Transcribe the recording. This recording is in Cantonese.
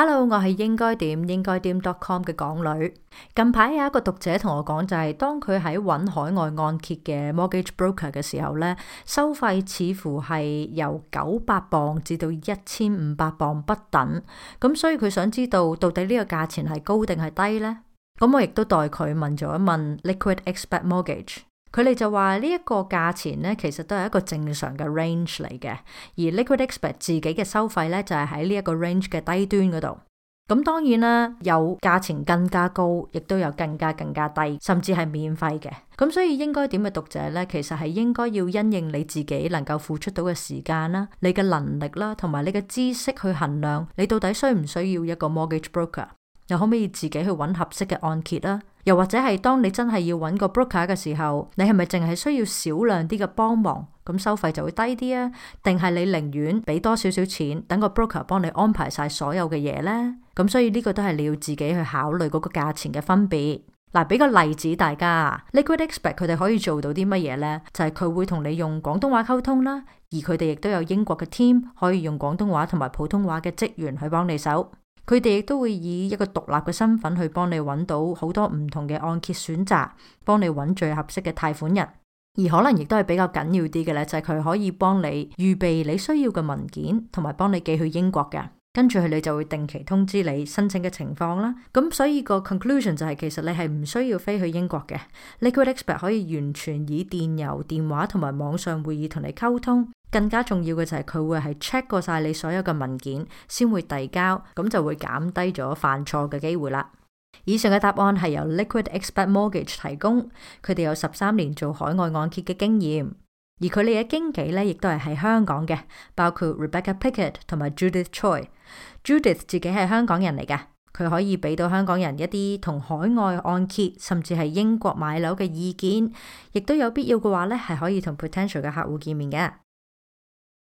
Hello，我係應該點應該點 dotcom 嘅港女。近排有一個讀者同我講，就係、是、當佢喺搵海外按揭嘅 mortgage broker 嘅時候呢，收費似乎係由九百磅至到一千五百磅不等。咁所以佢想知道到底呢個價錢係高定係低呢？咁我亦都代佢問咗一問 Liquid Expert Mortgage。佢哋就話呢一個價錢咧，其實都係一個正常嘅 range 嚟嘅，而 Liquid Expert 自己嘅收費咧就係喺呢一個 range 嘅低端嗰度。咁當然啦，有價錢更加高，亦都有更加更加低，甚至係免費嘅。咁所以應該點嘅讀者咧，其實係應該要因應你自己能夠付出到嘅時間啦、你嘅能力啦，同埋你嘅知識去衡量，你到底需唔需要一個 mortgage broker，又可唔可以自己去揾合適嘅按揭啦？又或者係當你真係要揾個 broker 嘅時候，你係咪淨係需要少量啲嘅幫忙咁收費就會低啲啊？定係你寧願俾多少少錢，等個 broker 幫你安排晒所有嘅嘢呢？咁所以呢個都係你要自己去考慮嗰個價錢嘅分別。嗱，俾個例子大家，Liquid Expert 佢哋可以做到啲乜嘢呢？就係佢會同你用廣東話溝通啦，而佢哋亦都有英國嘅 team 可以用廣東話同埋普通話嘅職員去幫你手。佢哋亦都會以一個獨立嘅身份去幫你揾到好多唔同嘅按揭選擇，幫你揾最合適嘅貸款人，而可能亦都係比較緊要啲嘅咧，就係、是、佢可以幫你預備你需要嘅文件，同埋幫你寄去英國嘅。跟住佢哋就會定期通知你申請嘅情況啦。咁所以個 conclusion 就係其實你係唔需要飛去英國嘅。Liquid Expert 可以完全以電郵、電話同埋網上會議同你溝通。更加重要嘅就係佢會係 check 過晒你所有嘅文件先會遞交，咁就會減低咗犯錯嘅機會啦。以上嘅答案係由 Liquid Expert Mortgage 提供，佢哋有十三年做海外按揭嘅經驗。而佢哋嘅經紀咧，亦都係喺香港嘅，包括 Rebecca Pickett 同埋 Judith Choi。Judith 自己係香港人嚟嘅，佢可以俾到香港人一啲同海外按揭，甚至係英國買樓嘅意見，亦都有必要嘅話咧，係可以同 potential 嘅客戶見面嘅。